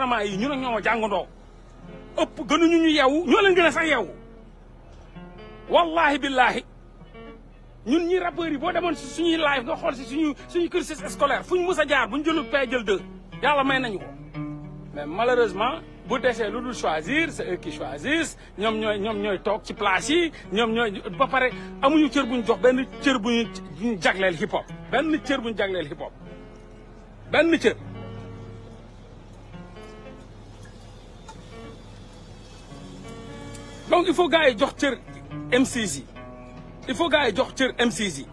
gouvernement yi ñun ak ñoom a jàngandoo ëpp gënuñu ñu yeewu ñoo leen gën a sax yeewu wallahi billahi ñun ñi rappeurs boo demoon si suñuy live nga xool si suñu suñu cursus scolaire fuñ mës a jaar bu ñu jëlul pay jël deux yàlla may nañu ko malheureusement bu desee lu dul choisir c'est eux qui choisissent ñoom ñooy ñoom ñooy toog ci place yi ñoom ñooy ba pare amuñu cër buñ jox benn cër bu ñu jagleel hip hop benn cër buñ jagleel hip hop benn cër donc il faut gars yi jox cër MCs yi il faut gars jox cër MCs yi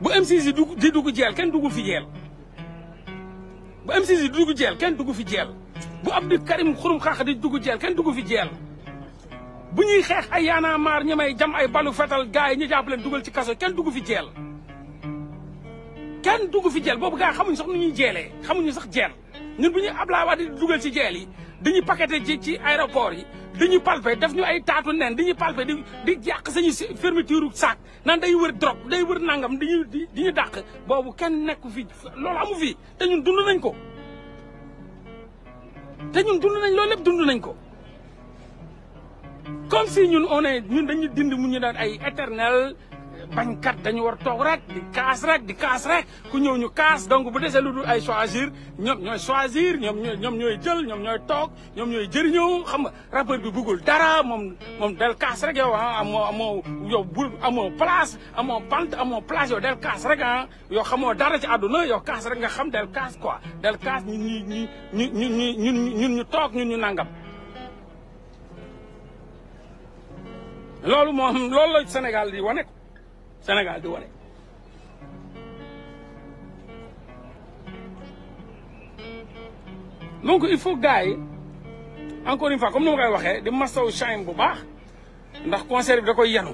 bu MCs yi dugg di dugg jeel kenn dugg fi jeel bu MCs yi di dugg jeel kenn dugg fi jeel bu Abdou Karim xurum xaax di dugg jeel kenn dugg fi jeel bu ñuy xeex ay yaana maar ñi may jam ay balu fetal gars yi ñu jàpp dugal ci kaso kenn dugg fi jeel kenn dugg fi jeel boobu gars xamuñ sax nu ñuy jeelee xamuñu sax jeel ñun bu ñu Ablaye di dugal ci jeel yi dañuy paqueté ci ci aéroport yi dañuy palpé def ñu ay taatu nen dañuy palpé di di yàq sañu fermeture sac nan day wër drogue day wër nangam di ñu di ñu dàq boobu kenn nekku fi loolu amu fi te ñun dund nañ ko te ñun dund nañ loolu lépp dund nañ ko comme si ñun on ñun dañuy dind mu ñu daan ay éternel bañkat dañu war toog rek di kaas rek di kaas rek ku ñëw ñu kaas donc bu desee lu dul ay choisir ñoom ñooy choisir ñoom ñooy jël ñoom ñooy toog ñoom ñooy jëriñoo xam nga rappeur bi bëggul dara moom moom del kaas rek yow ah amoo yow bu amoo place amoo pant amoo place yow del kaas rek ah xamoo dara ci àdduna yow kaas rek nga xam del kaas quoi del kaas ñun ñu ñu ñu ñu ñun ñu toog ñun ñu nangam. loolu moom loolu la Sénégal di wane ko Sénégal di wane. donc il faut gars yi encore une fois comme ni ma koy waxee di masawu chaine bu baax ndax concert bi da koy yenu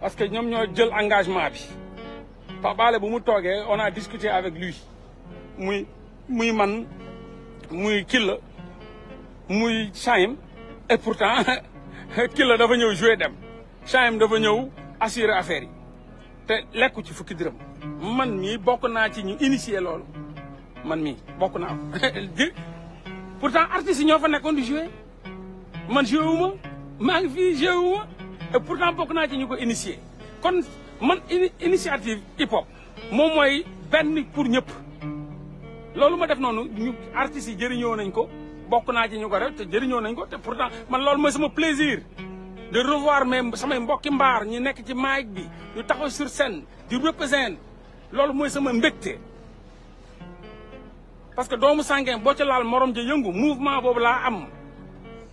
parce que ñoom ñoo jël engagement bi baale bu mu toogee ona a discuté avec lui muy muy man muy killa muy chaine et pourtant killa dafa ñëw jouer dem chaine dafa ñëw. assurer affaire yi te lekku ci fukki dërëm man mii bokk naa ci ñu initier loolu man mi bokk naa ko pourtant ñoo fa nekkoon di jouer man joué wu ma maa ngi fii joué wu bokk naa ci ñu ko initier kon man initiative hip hop moom mooy benn pour ñëpp loolu ma def noonu ñu artistes yi jëriñoo nañ ko bokk naa ci ñu ko rek te jëriñoo nañ ko te pourtant man loolu mooy sama plaisir de revoir mes samay mbokki mbaar ñu nekk ci maayit bi ñu taxaw sur scène di représente loolu mooy sama mbégte parce que doom Sanguem boo ci laal morom ja yëngu mouvement boobu laa am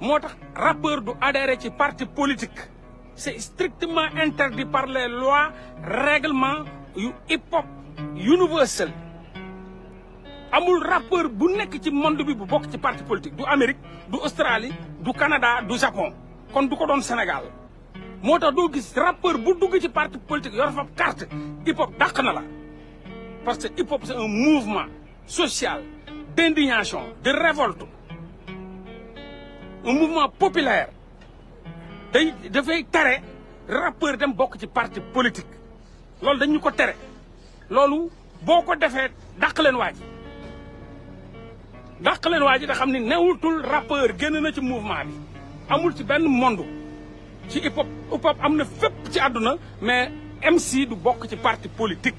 moo tax rappeur du adhéré ci parti politique c'est strictement interdit par les lois règlements yu hip-hop universel amul rappeur bu nekk ci monde bi bu bokk ci parti politique du Amérique du Australie du Canada du Japon kon du ko doon Sénégal moo tax doo gis rappeur bu dugg ci parti politique yor fa carte hip hop dàq na la parce que hip hop c'est un mouvement social d'indignation de révolte un mouvement populaire day dafay tere rappeur dem bokk ci parti politique loolu dañu ko tere loolu boo ko defee dàq leen waa ji dàq leen waa ji da xam ni newutul rappeur génn na ci mouvement bi amul ci benn mond ci hip hop am na fépp ci àdduna mais MC du bokk ci parti politique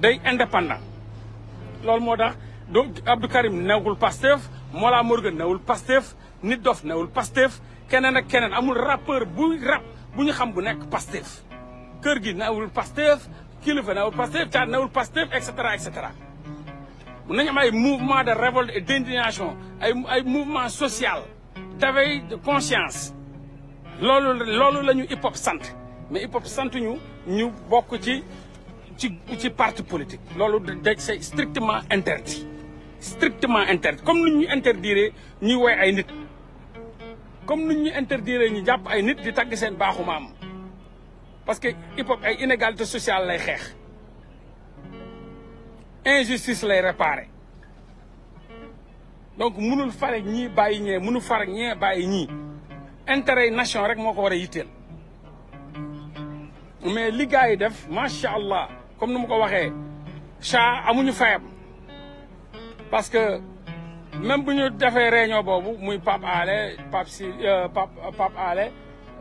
day indépendant loolu moo tax do Abdou Karim newul Pastef Mollah Morgun newul Pastef Nit Dof newul Pastef keneen ak keneen amul rappeur buy rap bu ñu xam bu nekk Pastef kër gi newul Pastef kilifa newul Pastef caat newul Pastef et cetera et cetera nañu am ay mouvement de révolte et d'indignation ay ay mouvement sociale d'éveil de conscience loolu loolu la ñu hip hop sant mais hip hop sant ñu ñu bokk ci ci ci parti politique loolu da c'est strictement interdit strictement interdit comme ni ñu interdire ñuy woy ay nit comme ni ñu interdire ñu jàpp ay nit di tagg seen baaxu maam parce que hip hop ay inégalité sociale lay xeex injustice lay réparer donc mënul fare ñii bàyyi ñee mënul fare ñee bàyyi ñii intérêt yi nation rek moo ko war a yitteel mais li gars def macha allah comme ni ma ko waxee cha amuñu fayam parce que même bu ñu defee réunion boobu muy Pape Alé Pape si euh, Pape Pape Alé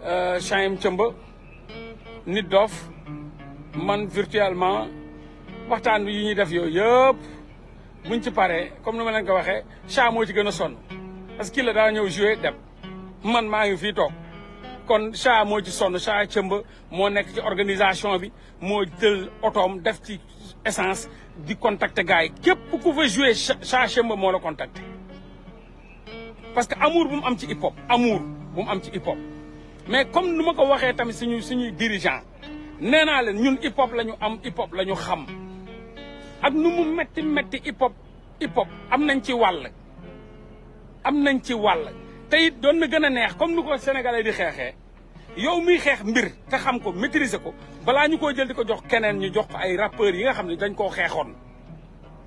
euh, Chaim Thiamba doof man virtuellement waxtaan yi ñuy def yooyu yëpp buñ ci paree comme ni ma leen ko waxee Cha moo ci gën a sonn parce que kii daa ñëw joué dem man maa ngi fi toog kon Cha moo ci sonn Cha cëmba moo nekk ci organisation bi moo jël otoom def ci essence di contacter gars yi képp ku fa joué Cha cëmba moo la contacter parce que amour bu am ci hip hop amour bu am ci hip hop mais comme nu ma ko waxee tamit suñu suñuy dirigeant nee naa leen ñun hip hop la ñu am hip hop la ñu xam ak nu mu metti metti hip hop hip am nañ ci wàll am nañ ci wàll tey it doon na gën a neex comme nu ko sénégalais di xeexee yow muy xeex mbir te xam ko maîtriser ko balaa ñu koy jël di ko jox keneen ñu jox ko ay rappeurs yi nga xam ne dañ koo xeexoon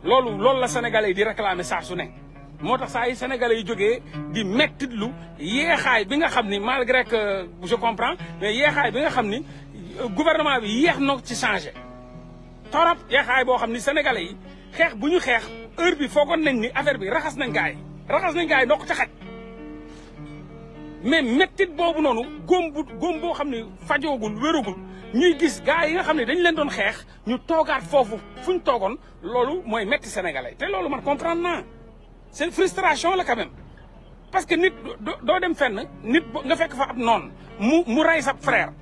loolu loolu la sénégalais yi di réclamer saa su ne moo tax saa yi sénégalais yi jógee di lu yeexaay bi nga xam ni malgré que je comprends mais yeexaay bi nga xam ni gouvernement bi yeex na ci changé torop yeexaay boo xam ni sénégalais xeex bu ñu xeex heure bi foogoon nañ ni affaire bi raxas nañ gaay raxas nañ gaay ndokk ca xaj mais mettit boobu noonu góom bu góom boo xam ne fajoogul wérogul ñuy gis gars yi nga xam ne dañ leen doon xeex ñu toogaat foofu fu ñu toogoon loolu mooy metti sénégalais te loolu man comprendre naa c'est frustration la quand parce que nit doo dem fenn nit nga fekk fa ab noon mu mu rey sa frère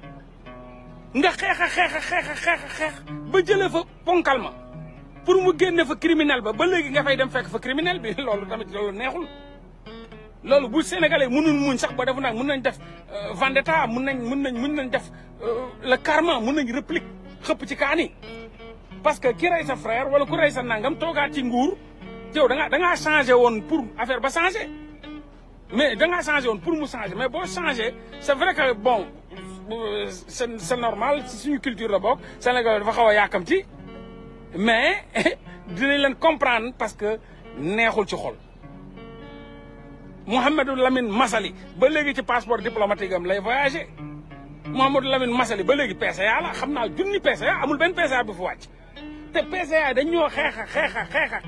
nga xeex a xeex a xeex a ba jëlee fa ponkal ma pour mu génne fa criminel ba ba léegi nga fay dem fekk fa criminel bi loolu tamit loolu neexul loolu bu sénégalais mënul muñ sax ba defu naan mën nañ def euh, vendetta mën nañ mën nañ mën nañ def euh, le karma mën nañ réplique xëpp ci kaani parce que ki rey sa frère wala ku rey sa nangam toogaat ci nguur yow dangaa dangaa changé woon pour affaire ba changé mais dangaa changé woon pour mu changé mais boo changé c'est vrai que bon c'est c'est normal si suñu culture la bokk Sénégal dafa xaw a yàkkamti mais dinañ leen comprendre parce que neexul ci xol Mouhamadou Lamine masali ba léegi ci passeport diplomatique am lay voyagé Mouhamadou Lamine Massaly ba léegi PCA la xam naa junni PCA amul benn PCA bu fi wàcc te PCA dañ ñoo xeex a xeex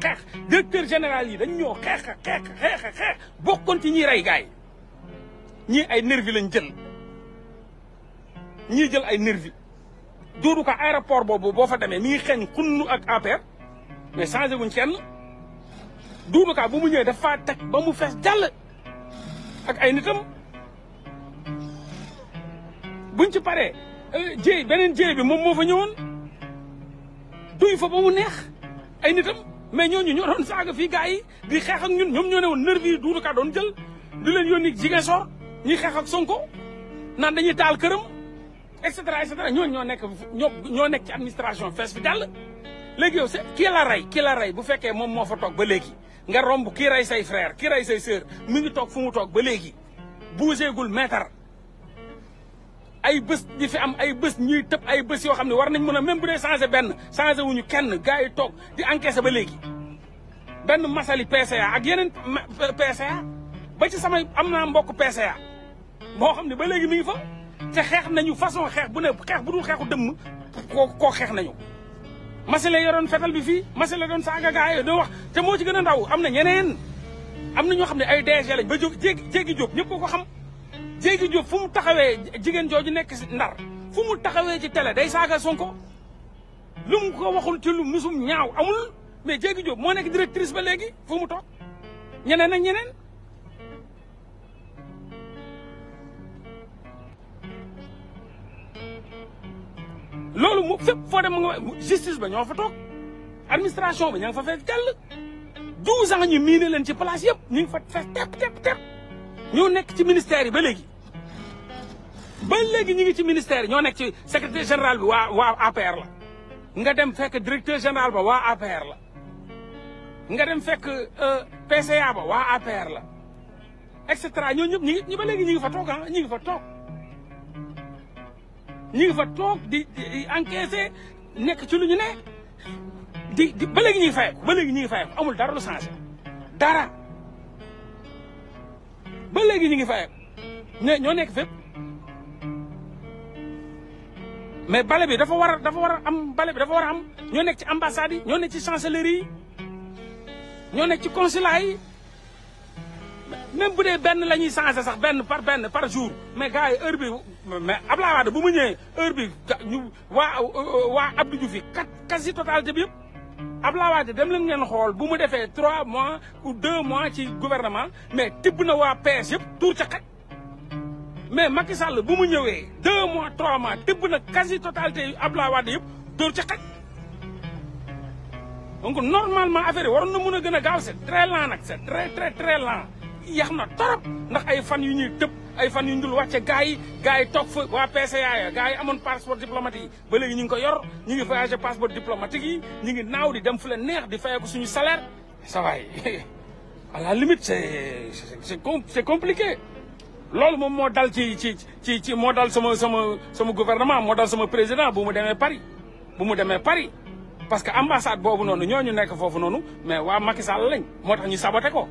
xeex directeur général yi dañ ñoo xeex a xeex a xeex a ci ñi rey gaay ñi ay nervi lañ jël ñiy jël ay nervi Doudou Ka aéroport boobu boo fa demee mi ngi xeeñ xunnu ak APR mais changé wuñ kenn Doudou Ka bu mu ñëwee dafa teg ba mu fees jàll ak ay nitam buñ ci paree euh, jéey beneen jéey bi moom moo fa ñëwoon duy fa ba mu neex ay nitam mais ñooñu ñoo doon saaga fii gars yi di xeex ak ñun ñoom ñoo ne woon nervi yi Doudou Ka doon jël di leen yónni jigéen sor ñuy xeex ak Sonko naan dañuy taal këram et cetera et ñooñ ñoo nekk ñoo ñoo nekk ci administration fees fi dàll. léegi yow c'est kii la rey bu fekkee moom moo fa toog ba léegi nga romb kii rey say frère kii rey say sœur mi ngi toog fu mu toog ba léegi buuseegul meetar ay bés di fi am ay bés ñuy tëb ay bés yoo xam ne war nañ mën a même bu dee changé benn changé wuñu kenn gars yi toog di encaissé ba léegi benn masali PCA ak yeneen PCA ba ci samay am naa mbokk PCA xam ne ba léegi mi ngi fa te xeex nañu façon xeex bu ne xeex bu dul xeexu dëmm koo koo xeex nañu Masile yoroon fetal bi fii Masile doon saaga gaa yi doo wax te moo ci gën a ndaw am na ñeneen am na ñoo xam ne ay DG lañ ba jóg jéegi jéegi jóg ñëpp ko xam jéegi jóg fu mu taxawee jigéen jooju nekk si ndar fu mu taxawee ci télé day saaga Sonko lu mu ko waxul ci lu musum ñaaw amul mais jéegi jóg moo nekk directrice ba léegi fu mu toog ñeneen ak ñeneen loolu mu fépp foo dem mu nga justice ba ñoo fa toog administration ba ña nga fa fekk jàll douze ans ñu miine leen ci place yëpp ñu ngi fa fekk tepp tepp tepp ñoo nekk ci ministère yi ba léegi ba léegi ñu ngi ci ministère yi ñoo nekk ci secrétaire général bi waa waa APR la nga dem fekk directeur général ba waa APR la nga dem fekk euh, PCA ba waa APR la et cetera ñoo ñëpp ñu ngi ba léegi ñu ngi fa toog ah, ñu ngi fa toog ñu fa toog di encaissé nekk ci lu ñu ne di di ba léegi ñu ngi fay ko ba amul dara lu changé dara ba léegi ñu ngi fay ñoo nekk fépp mais bale bi dafa war a dafa war a am bale bi dafa war a am ñoo nekk ci ambassades yi ñoo nekk ci chancellerie yi ñoo nekk ci consulat yi même bu dee benn la ñuy changé sax benn par benn par jour mais gars yi heure bi mais Abdoulaye Wade bu mu ñëwee heure bi ñu waa euh, waa Abdou Diouf yi kat quasi totalité bi yëpp Abdoulaye Wade dem leen ngeen xool bu mu defee trois mois ou deux mois ci gouvernement mais tibb na waa PS yëpp tuur ca xaj mais Macky Sall bu mu ñëwee deux mois trois mois tibb na quasi totalité yu Abdoulaye Wade yëpp tuur ca xaj donc normalement affaire yi waroon na mën a gën a gaaw c'est très lent nag c'est très yax na torop ndax ay fan yu ñuy tëb ay fan yu ñu dul wàcce gars yi gars yi toog fa waa PCA ya gars yi amoon passeport diplomatique yi ba léegi ñu ngi ko yor ñu ngi voyagé passeport diplomatique yi ñu ngi naaw di dem fu leen neex di fayeeku suñu salaire ça va à la limite c'est c'est compliqué loolu moom moo dal ci ci ci ci moo dal sama sama sama gouvernement moo dal sama président bu mu demee pari bu mu demee pari parce que ambassade boobu noonu ñu nekk foofu noonu mais waa Macky Sall moo tax ñu saboté ko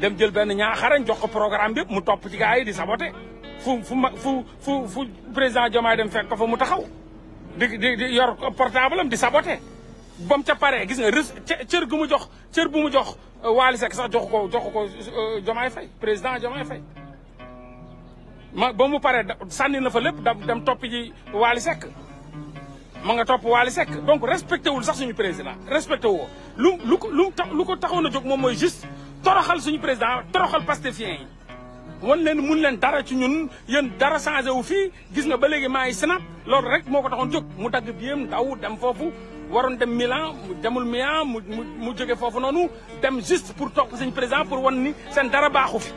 dem jël benn ñaaxarañ jox ko programme bi mu topp ci gars yi di saboté fu fu fu fu fu président Diomaye dem fekk ko fa mu taxaw di di di yor portable am di saboté ba mu ca pare gis nga rës cër gu mu jox cër bu mu jox euh, Waly Seck sax jox ko jox ko euh, Diomaye a président Diomaye Faye ma ba mu paree sànni na fa lépp dem topp ji Waly Seck ma nga topp Waly Seck donc respecté wul sax suñu président respecté woo lu lu ko lu ko taxoon a jóg moom mooy juste toroxal suñu président toroxal pastefien yi wan leen mun leen dara ci ñun yéen dara changé wu fii gis nga ba léegi maa ngi snap loolu rek moo ko taxoon jóg mu dagg biyam daw dem foofu waroon dem Milan demul Milan mu mu jóge foofu noonu dem juste pour topp suñu président pour wan ni seen dara baaxu fi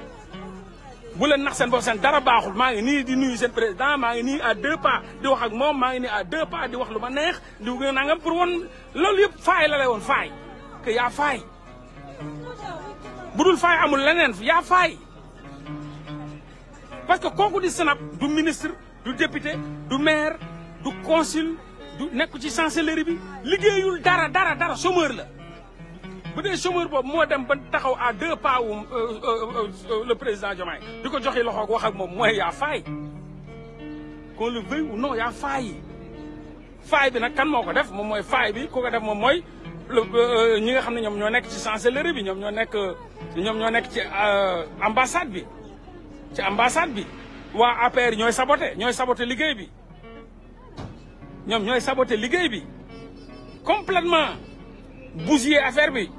bu leen nax seen bopp seen dara baaxul maa ngi nii di nuyu seen président maa ngi nii à deux pas di wax moom maa ngi nii à deux pas di wax lu ma neex di nangam pour wan loolu yëpp faay la lay woon faay que yaa faay bu dul faay amul leneen yaa faay parce que kooku di snap du ministre du député du maire du consul du nekk ci chancellerie bi liggéeyul dara dara dara chômeur la bu dee chômeur boobu moo dem ba taxaw à deux pas wu euh, euh, euh, le président Diomaye di ko joxe loxoog wax ak moom mooy yaa faay qu'on le veuille ou non yaa faay faay bi nag kan moo ko def moom mooy faay bi ku ko def moom mooy Euh, ñi nga xam ne ñoom ñoo nekk ci chancellerie bi ñoom ñoo nekk ñoom ñoo nekk ci euh, ambassade bi ci ambassade bi waa APR ñooy saboté ñooy saboté liggéey bi ñoom ñooy saboté liggéey bi complètement bousiller affaire bi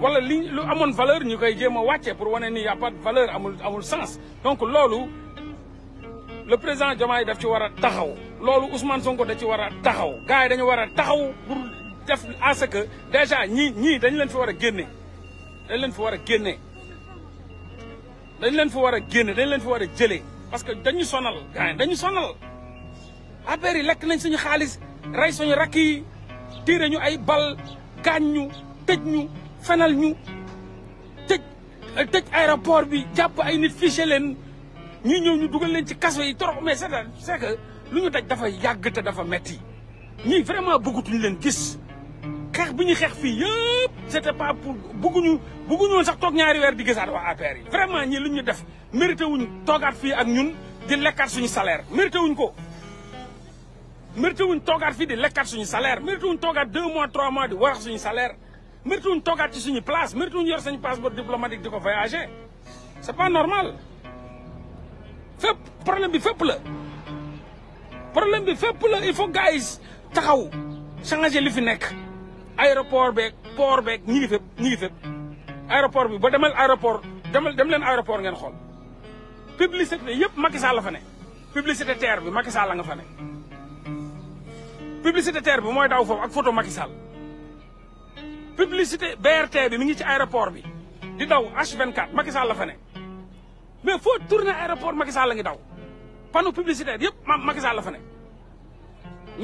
wala li lu amoon valeur ñu koy jéem a wàcce pour wane ni y a valeur amul amul sens donc loolu le président Diomaye daf ci war taxaw loolu Ousmane Sonko da ci war taxaw gars yi dañu taxaw def à ce que déjà ñii ñii dañ leen fi war a génne dañ leen fi war a génne dañ leen fi war a génne dañ leen fi jëlee parce que dañu sonal gars dañu sonal affaire yi lekk nañ suñu xaalis rey soñu rakk yi tiire ñu ay bal gaañ ñu tëj ñu fenal ñu tëj tëj aéroport bi jàpp ay nit fiché leen ñi ñëw ñu dugal leen ci kaso yi trop mais c'est que lu ñu daj dafa yàgg te dafa metti ñii vraiment bëggatuñ leen gis xeex bi ñu xeex fii yëpp c'était pas pour bugguñu bugguñu woon sax toog ñaari weer di gisaat waa APR yi vraiment ñi lu ñu def mérité wuñ toogaat fii ak ñun di lekkaat suñu salaire mérité wuñ ko mérité wuñ toogaat fi di lekkaat suñu salaire mérité wuñ toogaat deux mois trois mois di warax suñu salaire mérité wuñ toogaat ci suñu place mérité wuñ yor sañu passeport diplomatique di ko voyager c'est pas normal fépp problème bi fépp la problème bi fépp la il faut gars taxaw changer li fi nekk aéroport beeg poor beek ñi ngi fépp ñi ngi fépp aéroport bi ba demal aéroport demal dem leen aéroport ngeen xool publicité yëpp Macky Sall la fa ne publicité terre bi Macky Sall nga fa ne publicité terre mooy daw foofu ak photo Macky Sall publicité BRT bi mi ngi ci aéroport bi di daw H24 Macky Sall la fa ne mais foo tourné aéroport Macky la ngi daw panneau publicitaire yëpp Macky Sall la fa ne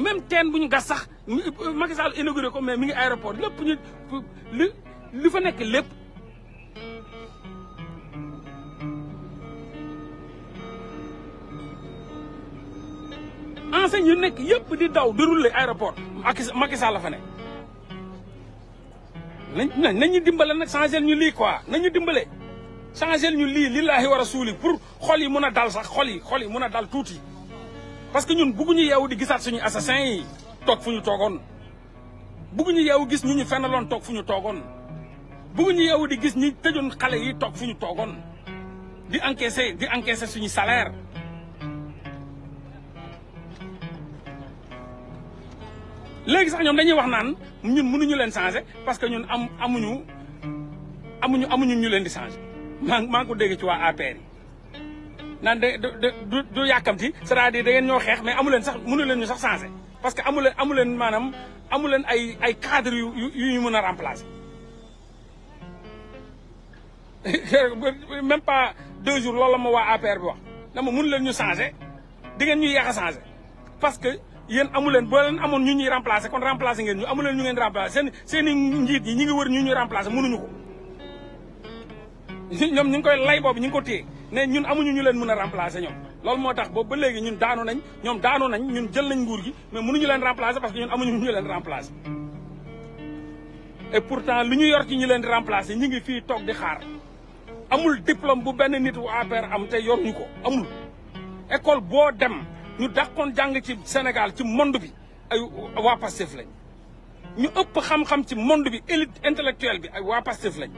même teen bu ñu gas sax Macky Sall inauguré ko mais mi ngi aéroport lépp ñu li li fa nekk lépp enseigne yu nekk yëpp di daw déroulé aéroport Macky Sall la fa nekk nañ nañu dimbale nag changé ñu lii quoi nañu dimbale changé ñu lii lillaahi wa rasuuli pour xol yi mun a dal sax xol yi xol yi mun a dal tuuti parce que ñun bugguñu yeewu di gisaat suñu assassin yi toog fu ñu toogoon bugguñu yeewu gis ñu ñu fenaloon toog fu ñu toogoon ñu yeewu di gis ñi tëjoon xale yi toog fu ñu toogoon di encaisser di encaisser suñu salaire léegi sax ñoom dañuy wax naan ñun mënuñu leen changer parce que ñun am amuñu amuñu amuñu ñu leen di changer maa maa ngi ko dégg ci waa APR yi naan de du du yàkkamti c'est-à-dire da ngeen ñoo xeex mais amu leen sax mënu leen ñu sax changer parce que amu leen amu leen maanaam amu ay ay cadre yu yu ñu mën a remplacer même pas deux jours loolu la ma waa APR bi wax na ma mun leen ñu changer di ngeen ñuy yàq changer parce que yéen amu leen boo leen amoon ñu ñuy remplacer kon remplacer ngeen ñu amu leen ñu ngeen remplacer seen seen i njiit ñu ñi ngi wër ñu ñuy remplacer mënuñu ko ñoom ñu ngi koy lay boobu ñu ngi ko téye. ne ñun amuñu ñu leen mën a remplacer ñoom loolu moo tax boobu ba léegi ñun daanoonañ nañ ñoom nañ ñun jël nañ nguur gi mais mënuñu leen remplacer parce que ñun amuñu ñu leen remplacer et pourtant lu ñu yor ci ñu leen di remplacer ñu ngi fii toog di xaar amul diplôme bu benn nit wu APR am te yoruñu ko amul école boo dem ñu dàqoon jàng ci Sénégal ci monde bi ay waa Pastef lañ ñu ëpp xam-xam ci monde bi élite intellectuelle bi ay waa Pastef lañ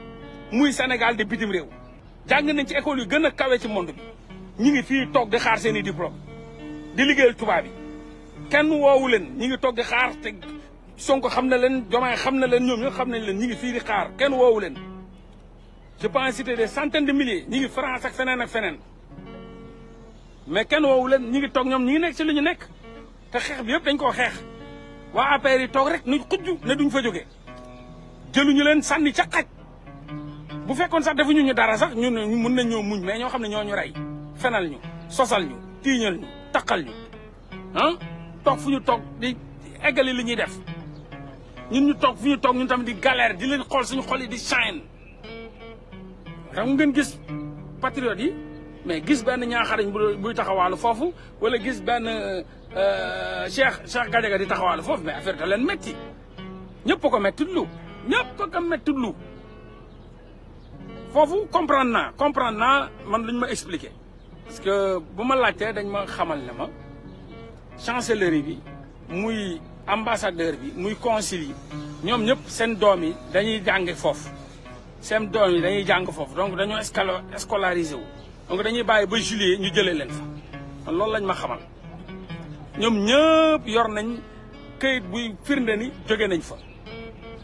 muy Sénégal de bitim réew jàng nañ ci école yu gën a kawe ci monde bi ñu ngi fii toog di xaar seen i diplôme di liggéeyal tubaab yi kenn woowu leen ñu ngi toog di xaar te Sonko xam na leen Diomaye xam na leen ñoom ñoo xam nañ leen ñu ngi fii di xaar kenn woowu leen je pense en citer des centaines de milliers ñu ngi France ak feneen ak feneen mais kenn woowu leen ñu ngi toog ñoom ñu ngi nekk ci lu ñu nekk te xeex bi yëpp dañ koo xeex waa APR yi toog rek nu xujj ne duñ fa jóge jëluñu leen sànni ca xaj bu fekkoon sax defuñu ñu dara sax ñu ne ñu mun nañ ñoo muñ mais ñoo xam ne ñoo ñu rey fenal ñu sosal ñu tiiñal ñu taqal ñu ah toog fu ñu toog di eggali li ñuy def ñun ñu toog fu ñu toog ñun tamit di galère di leen xool suñu xol yi di chaine. xam ngeen gis patriotes yi mais gis benn ñaaxarañ buy taxawaalu foofu wala gis benn euh, euh, Cheikh Cheikh Gadiaga di taxawaalu foofu mais affaire leen métti ñëpp ko métti lu ñëpp ko ko métti lu foofu comprendre naa comprendre naa man lañ ma expliqué parce que bu ma laajtee dañ ma xamal ne ma chancellerie bi muy ambassadeur bi muy consul ñoom ñëpp seen doom yi dañuy jànge foofu seen doom yi dañuy jàng foofu donc dañoo scalo scolarisé wu donc dañuy bàyyi ba juillet ñu jëlee leen fa man loolu lañ ma xamal ñoom ñëpp yor nañ këyit buy firnde ni jóge nañ fa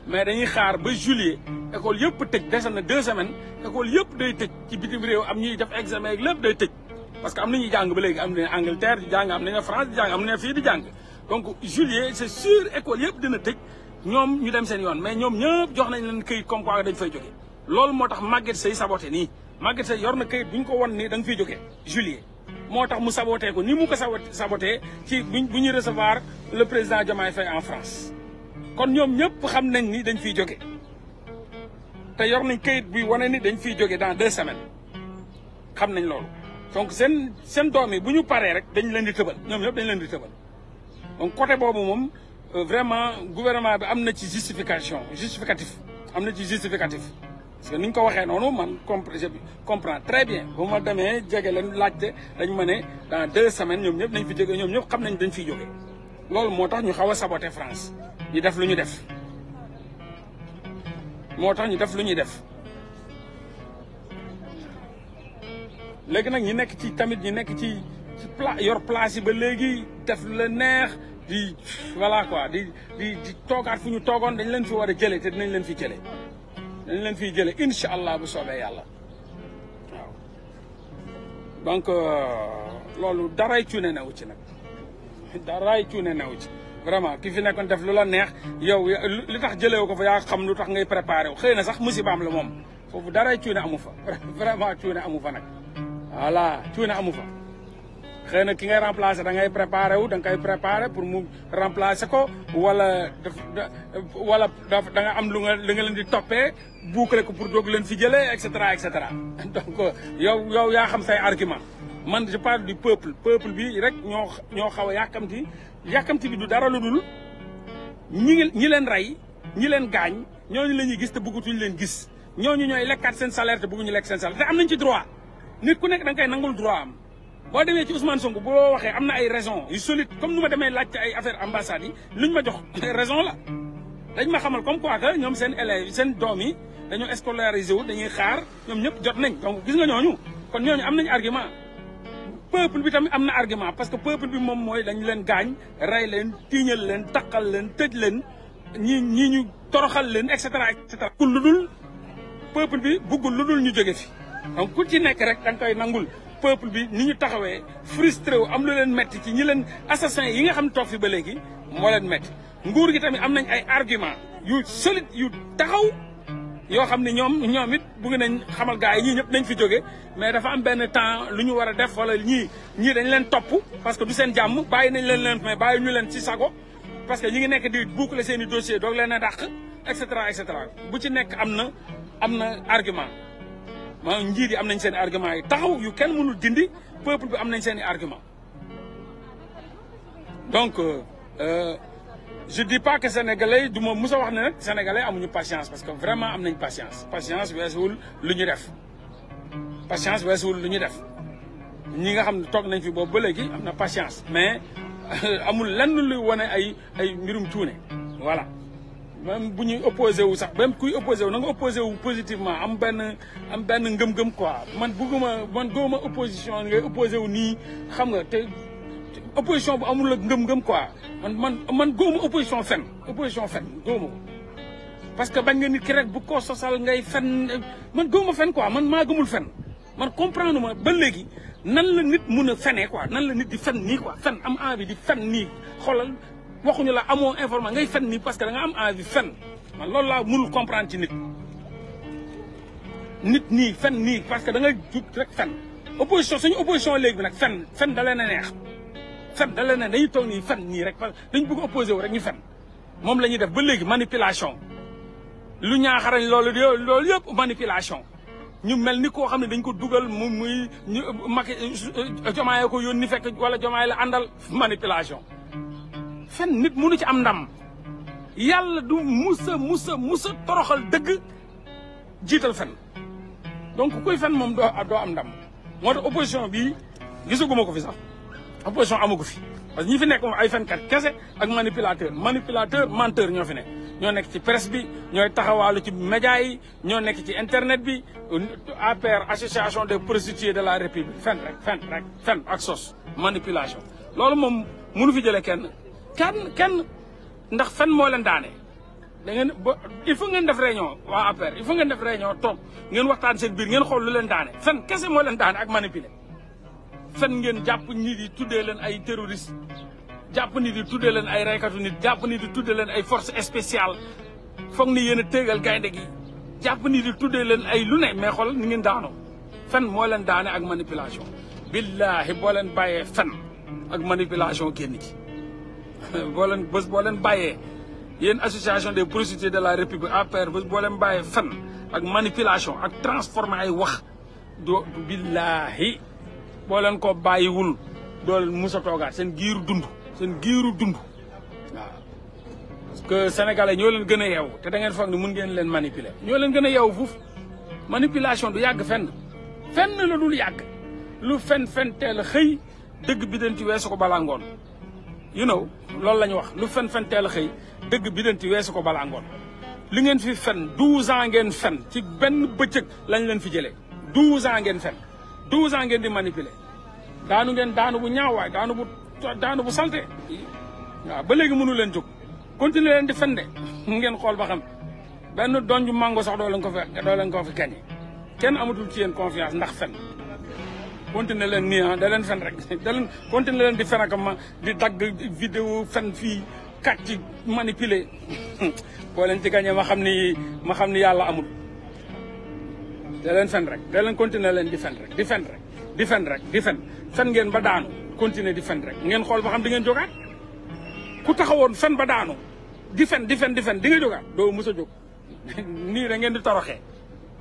mais dañuy xaar ba juillet école yëpp tëj dese na deux semaines école yëpp day tëj ci bitim réew am ñuy def examen ak lépp day tëj parce que am na ñuy jàng ba léegi am nañu Angleterre di jàng am nañu France di jàng am nañu fii donc juillet c'est sûr école yëpp dina tëj ñoom ñu dem seen yoon mais ñoom ñëpp jox nañ leen këyit comme quoi dañ fay jóge loolu moo tax Maguette Seye saboté nii Maguette Seye yor na kayit bu ñu ko won nii da nga fiy jóge moo tax mu saboté ko ni mu ko saboté ci bu ñu recevoir le président Diomaye Faye en France kon ñoom ñëpp xam nañ ni dañ fiy jóge te yor nañ kayit buy wane ni dañ fiy jóge dans deux semaines xam nañ loolu donc seen seen doom yi bu ñu paree rek dañ leen di tëbal ñoom ñëpp dañ leen di tëbal donc côté boobu moom euh, vraiment gouvernement bi am na ci justification justificatif am na ci justificatif parce que ni ko waxee noonu man compre je comprends très bien bu ma demee jege leen laajte dañ ma ne dans deux semaines ñoom ñëpp nañ fi jóge ñoom ñëpp xam nañ dañ fiy jógee loolu moo tax ñu xaw a saboté France ñu def lu ñu def moo tax ñu def lu ñuy def léegi nag ñu nekk ci tamit ñu nekk ci pla yor place ba léegi def lu la neex di voilà quoi di di toogaat fu ñu toogoon dañ leen fi war a jëlee te dinañ leen fi jëlee dañ leen fiy jëlee incha allah bu soobee yàlla donc euh, loolu daray cuune newu ci nag. daraay cuune new ci vraiment ki fi nekkoon def lu la neex yow li tax jëlewu ko fo yaa xam lu tax ngay préparé wu xëy na sax musibaam la moom foofu daraay cuune amu fa vraiment cuune amu fa nag voilà cuune amu fa xëy na ki ngay remplacé da ngay préparé wu da nga koy préparé pour mu remplacer ko wala daf wala daf da nga am lu nga li nga leen di toppee boucler ko pour doog leen fi jëlee et cetera et cetera donc yow yow yaa xam say argument man je parle du peuple peuple bi rek ñoo ñoo xaw a yàkkamti yàkkamti bi du dara lu dul ñi ñi leen rey ñi leen gaañ ñooñu la ñuy gis te bëggatuñ leen gis ñooñu ñooy lekkaat seen salaire te bëgguñu lekk seen salaire te am nañ ci droit nit ku nekk da am. boo demee ci Ousmane Sonko boo waxee am na ay raison comme nu ma demee laajte affaire ambassades yi luñ ma jox raison la dañ ma xamal comme quoi ñoom seen seen doom yi dañoo scolarisé wu dañuy xaar ñoom ñëpp jot nañ donc gis nga ñooñu kon ñooñu am nañ argument. peuple bi tamit am na argument parce que peuple bi moom mooy dañ leen gaañ rey leen tiiñal leen taqal leen tëj leen ñi ñi ñu toroxal leen et cetera et cetera ku lu dul peuple bi buggul lu dul ñu jóge fi donc ku ci nekk rek da nga koy nangul peuple bi ni ñu taxawee frustré wu am lu leen metti ci ñi leen assassin yi nga xam toog fi ba léegi moo leen metti nguur gi tamit am nañ ay argument yu solide yu taxaw yoo xam ne ñoom ñoom it bëgg nañ xamal gars yi ñii ñëpp dañ fi jóge mais dafa am benn temps lu ñu war a def wala ñii ñii dañ leen topp parce que du seen jàmm bàyyi nañ leen leen mais bàyyi ñu leen ci sago parce que ñi ngi nekk di boucler seen i dossier doog leen a dàq et cetera et cetera bu ci nekk am na am na argument ma njiit yi am nañ seen argument yi taxaw yu kenn mënul dindi peuple bi am nañ seeni i argument donc euh, euh, je dis pas que sénégalais yi du ma mus a wax ne nag sénégalais amuñu patience parce que vraiment am nañ patience patience weesuwul lu ñu def patience weesuwul lu ñu def ñi nga xam ne toog nañ fi boobu ba léegi am na patience mais euh, amul lenn luy wane ay ay mbirum tuune voilà même bu ñuy opposé wu sax même kuy opposé wu na nga opposé wu positivement am benn am benn ngëm-ngëm quoi man bugguma man gooma opposition ngay opposé wu nii xam nga opposition bu amul la ngëm-ngëm quoi man man man góomu opposition fen opposition fen góomu ko parce que bañ nga nit ki rek bu ko sosal ngay fen man góoma fen quoi man maa gëmul fen man comprendre ma ba léegi nan la nit mun a fenee quoi nan la nit di fen nii quoi fen am envie di fen nii xoolal waxuñu la amoo information ngay fen nii parce que da nga am envie fen man loolu laa mënul comprendre ci nit nit nii fen nii parce que da nga jug rek fen opposition suñu opposition léegi bi nag fen fen da fen da leen ne dañuy toog nii fen nii rek dañ bëgg opposé wu rek ñu fen moom la ñuy def ba léegi manipulation lu ñaaxarañ loolu loolu yëpp manipulation ñu mel ni koo xam ne dañ ko dugal mu muy ñu mag jomaayee euh, ko yónni fekk wala jomaay la àndal manipulation fen nit mënu ci am ndam yàlla du musa musa musa toroxal dëgg jiital fen donc kuy fen moom doo am ndam moo tax opposition bi gisaguma ko fi sax opposition amagu fi parce que ñi fi nekk ay fenkat kese ak manipulateur manipulateur manteur ñoo fi nekk ñoo nekk ci presse bi ñooy taxawaalu ci média yi ñoo nekk ci internet bi APR association des prostituées de la république fen rek fen rek fen ak sos manipulation loolu moom mënu fi jëlee kenn kenn kenn ndax fen moo leen daane da il faut ngeen def réunion waa APR il faut ngeen def réunion toog ngeen waxtaan seen biir ngeen xool lu leen daane fen kese moo leen ak manipuler fen ngeen jàpp nit yi tuddee leen ay terroriste jàpp nit yi tuddee leen ay reykatu nit jàpp nit yi leen ay force spéciale foog ni yéen a téegal gaynde gi jàpp nit yi tuddee leen ay lu ne mais xool ni ngeen daanoo fen moo leen daane ak manipulation billaahi boo leen bàyyee fen ak manipulation génn ci boo leen bés boo leen bàyyee yéen association des prostituées de la république à bés boo leen bàyyee fen ak manipulation ak transformer ay wax do billaahi boo leen ko bàyyiwul doo leen mus a toogaat seen giiru dund seen giiru dund waaw parce que sénégalais ñoo leen gën a yeewu te da ngeen foog mun ngeen leen manipuler ñoo leen gën a yeewu fuuf manipulation du yàgg fen fenn la dul yàgg lu fen fen teel xëy dëgg bi dañ ci weesu ko balaa ngoon you loolu la wax lu fen fen teel xëy dëgg bi dañ ci weesu ko balaa ngoon li ngeen fi fen douze ans ngeen fen ci benn bëccëg lañ leen fi jëlee douze ans ngeen fen douze ans ngeen di manipuler daanu ngeen daanu bu ñaaw waay daanu bu daanu bu salte waaw ba léegi mënu leen jóg continuer leen di fende ngeen xool ba xam benn donju mango sax doo leen ko fi doo leen ko fi gañe kenn amatul ci yéen confiance ndax fen continuer leen nii ah da leen fen rek da leen continuer leen di fen ak ma di dagg vidéo fen fii kàcc manipuler boo leen ci gañe ma xam ni ma xam ni yàlla amul da leen fen rek da leen leen di fen rek di fen rek di fen rek di fen ngeen ba daanu continuer di fen rek ngeen xool ba xam di ngeen jógaat ku taxawoon fen ba daanu di fen di fen di fen di nga jógaat doo mës a jóg nii da ngeen di toroxee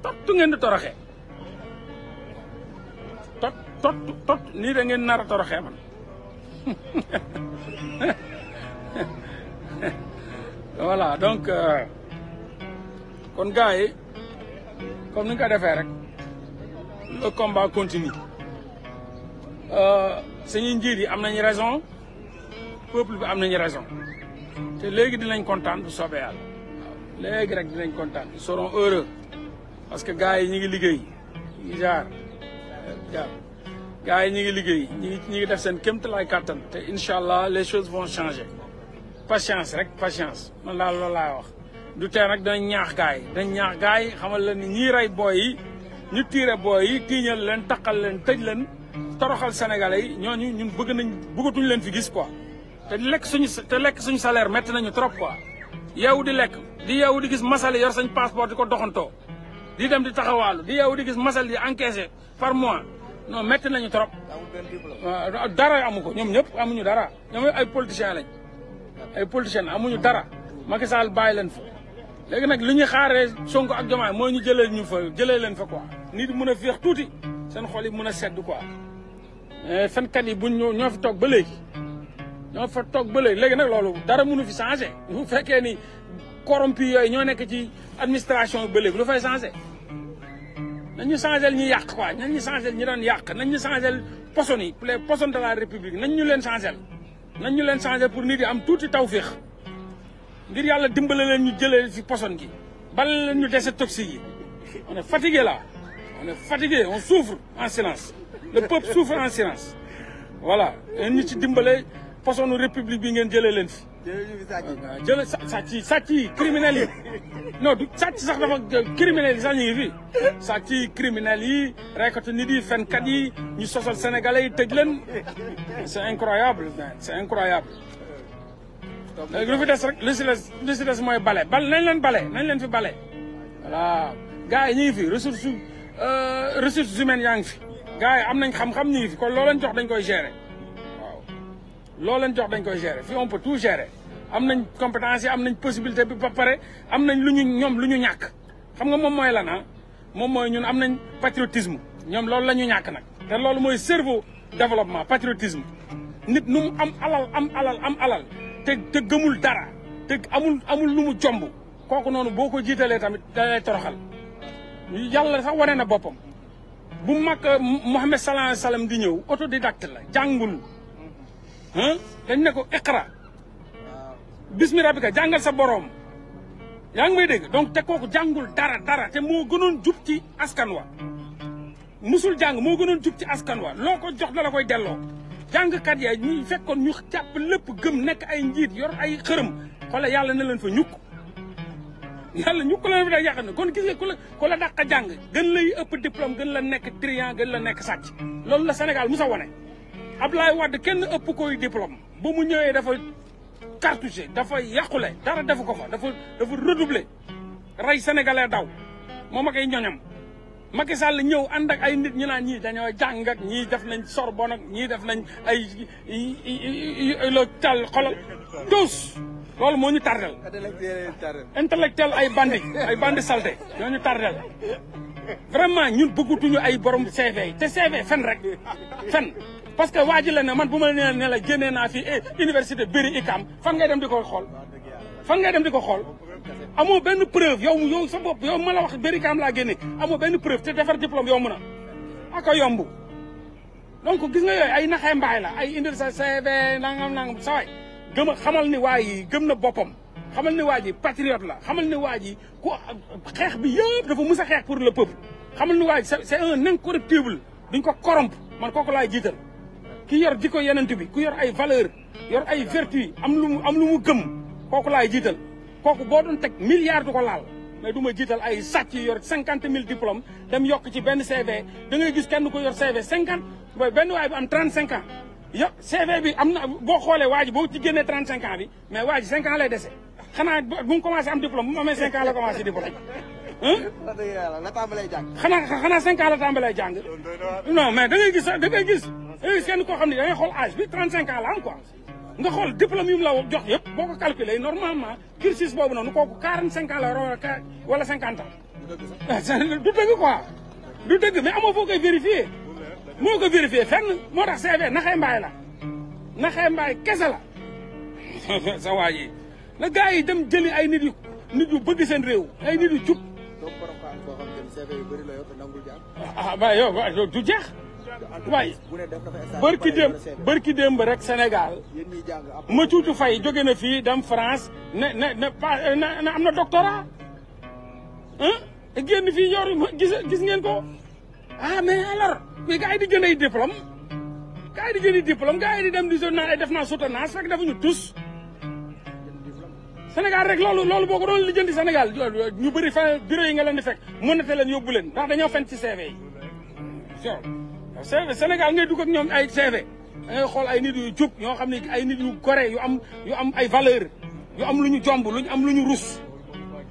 tottu ngeen di toroxee tot tot tot nii a ngeen nar a toroxee man voilà donc euh, kon gars comme ni nga ko defee rek le combat continue euh, suñu njiit yi am nañu raison peuple bi am nañu raison te léegi dinañ kontaan bu soobee yàlla waaw léegi rek dinañ kontaan ils heureux parce que gars yi ñu ngi liggéey ñu ngi jaar yi ñu ngi liggéey ñu ngi ñu ngi def seen kéemtalaay kàttan te incha allah les choses vont changer patience rek patience man laa loolu wax. du tee nag danañ ñaax gaay dañ ñaax gaay xamal leen ni ñii rey booy yi ñu tiire booy yi tiiñal leen taqal leen tëj leen toroxal sénégalais yi ñoo ñu ñun bëgg nañ bëggatuñ leen fi gis quoi te lekk suñu te lekk suñu salaire métti nañu trop quoi yow di lekk di yow di gis masal yor sañ passeport di ko doxantoo di dem di taxawaalu di yow di gis masal di encaissé par mois non métti nañu trop dara amu ko ñoom ñëpp amuñu dara ñoom ay politiciens lañ ay politiciens amuñu dara Macky Sall léegi nag li ñu xaaree Sonko ak Diomaye mooy ñu jëlee ñu fa jëlee leen fa quoi nit mun a féex tuuti seen xol yi mën a sedd quoi eh, fenkat yi buñ ñoo fi toog ba léegi ñoo fa toog ba léegi nag loolu dara mënu fi changé bu fekkee ni corrompu yooyu ñoo nekk ci administration ba léegi fa fay changé nañ ñu changé ñi yàq quoi nañ ñu changé ñi doon yàq nañ ñu changé poson yi les poson de la république nañ ñu leen changé nañ ñu leen changé pour nit yi am tuuti taw tawféex ngir yàlla dimbale leen ñu jëlee ci poson gi bale leen ñu dese toxiques yi on est fatige là on est fatigué on souffre en silence le peuple souffre en silence voilà ñu ci dimbale posonu république bi ngeen jëlee leen fi. jële ah, sàcc yi sàcc yi criminels yi non du sàcc sax dafa criminels yi sax ñu ngi fi sàcc yi criminels yi reykatu nit yi fenkat yi ñu sosal sénégalais yi tëj leen c'est incroyable c'est incroyable léegi lu fi des rek lu si des lu si des mooy bale bal nañ leen bale nañ leen fi bale voilà gars yi ñu ngi fi ressource euh, ressources humaines yaa ngi fi gaa yi am nañ xam-xam ñu ngi kon loo leen jox dañ koy gérer waaw loo jox dañ koy gérer fii on peut tout gérer am nañ compétence yi am nañ possibilité bi ba pare am nañ lu ñu ñoom lu ñu ñàkk xam nga moom mooy lan ah moom mooy ñun am nañ patriotisme ñoom loolu la ñu ñàkk nag te loolu mooy cerveau développement patriotisme nit nu am alal am alal am alal te te gëmul dara te amul amul lu mu jomb kooku noonu boo ko jiitalee tamit da lay toroxal sa sax wane na boppam bu mag euh, Mouhamed salaa salaam di ñëw autodidacte la jàngul dañ ne ko iqra bismi rabbika jàngal sa boroom yaa ngi may donc te kooku jàngul dara dara te moo gënoon jub ci askan wa musul jàng moo gënoon jub ci askan wa loo ko jox dala koy delloo jàngkat ya ñuy fekkoon ñu jàpp lépp gëm nekk ay njiit yor ay xërëm xoolal yàlla na leen fa ñukk yàlla ñukk la leen fa yàq na kon gis nga ku la ku la dàq jàng gën lay ëpp diplôme gën la nekk triant gën la nekk sàcc loolu la Sénégal musa ab Abdoulaye Wade kenn ëpp koy diplôme ba mu ñëwee dafa cartouché dafa yàqule dara defu ko fa dafa dafa redoubler rey sénégalais daw moom ak ay ñoñam Macky Sall ñëw ànd ak ay nit ñu naan ñii dañoo jàng ñii def nañ Sorbonne ak ñii def nañ ay lo tal xolal tous loolu moo ñu tardel intellectuel ay bandi ay bandi salté ñoo ñu tardel vraiment ñun bëggatuñu ay borom CV yi te CV fen rek fen parce que waa ji la man bu ma nee ne la génnee naa fii eh, université bëri ICAM fan ngay dem di ko xool fan ngay dem di ko xool amoo benn preuve yow mu yow sa bopp yow ma la wax bérikaam laa génne amoo benn preuve te defar diplôme yomb na aka yomb donc gis nga yooyu ay naxee mbaay la ay indil sa CV nangam nangam sa waay gëm a xamal ni waa yi gëm na boppam xamal ni waa ji patriote la xamal ni waa ji ku xeex bi yëpp dafa mus a xeex pour le peuple xamal ni waa ji c'est un incorruptible duñ ko koromp man kooku laay jiital ki yor jikko yenent bi ku yor ay valeur yor ay vertu am lu mu am lu mu gëm kooku laay jiital kooku boo doon teg milliard ko laal mais du ma jiital ay sàcc yu yor cinquante mille diplôme dem yokk ci benn CV da ngay gis kenn ko yor CV cinquante mooy benn waay bi am trente cinq ans yo bi am na boo xoolee e ji boo ci génnee trente mais waa ji cinq ans lay dese xanaa bu mu commencé am diplôme bu mu amee cinq la commencé diplôme. xanaa xanaa la tàmbalee jàng. non mais da gis da gis kenn koo xam ne da ngay xool âge bi trente cinq la am quoi. nga xool diplôme yu mu la jox yëpp boo ko calculé normalement cursus boobu noonu kooku quarante cinq ans la wala cinquante ans. Ah, du dëgg quoi. du dëgg mais amoo foo koy vérifié. moo ko vérifié fenn moo tax CV naxee mbaay la naxee mbaay kese la sa waa ji na gars yi dem jëli ay nit yu nit yu bëgg seen réew ay nit yu jub. donc borom boo du jeex. waaye bërki démb bërki démb rek Sénégal ma cuucu fay jóge na fii dem France ne ne ne am na doctorat ah génn fii yor gis gis ngeen ko ah mais alors mais gars yi di jënd ay diplôme gars di jënd ay diplôme gars di dem di jënd ay def naa soutenance rek defuñu tous Sénégal rek loolu loolu boo ko doon lijjanti Sénégal ñu bëri fa bureau yi nga leen di fekk mën na te leen leen ndax dañoo fen ci CV CV Sénégal ngay dugg ak ñoom ay CV ngay xool ay nit yu jub ñoo xam ne ay nit yu gore yu am yu am ay valeur yu am lu ñu jomb lu ñu am lu ñu rus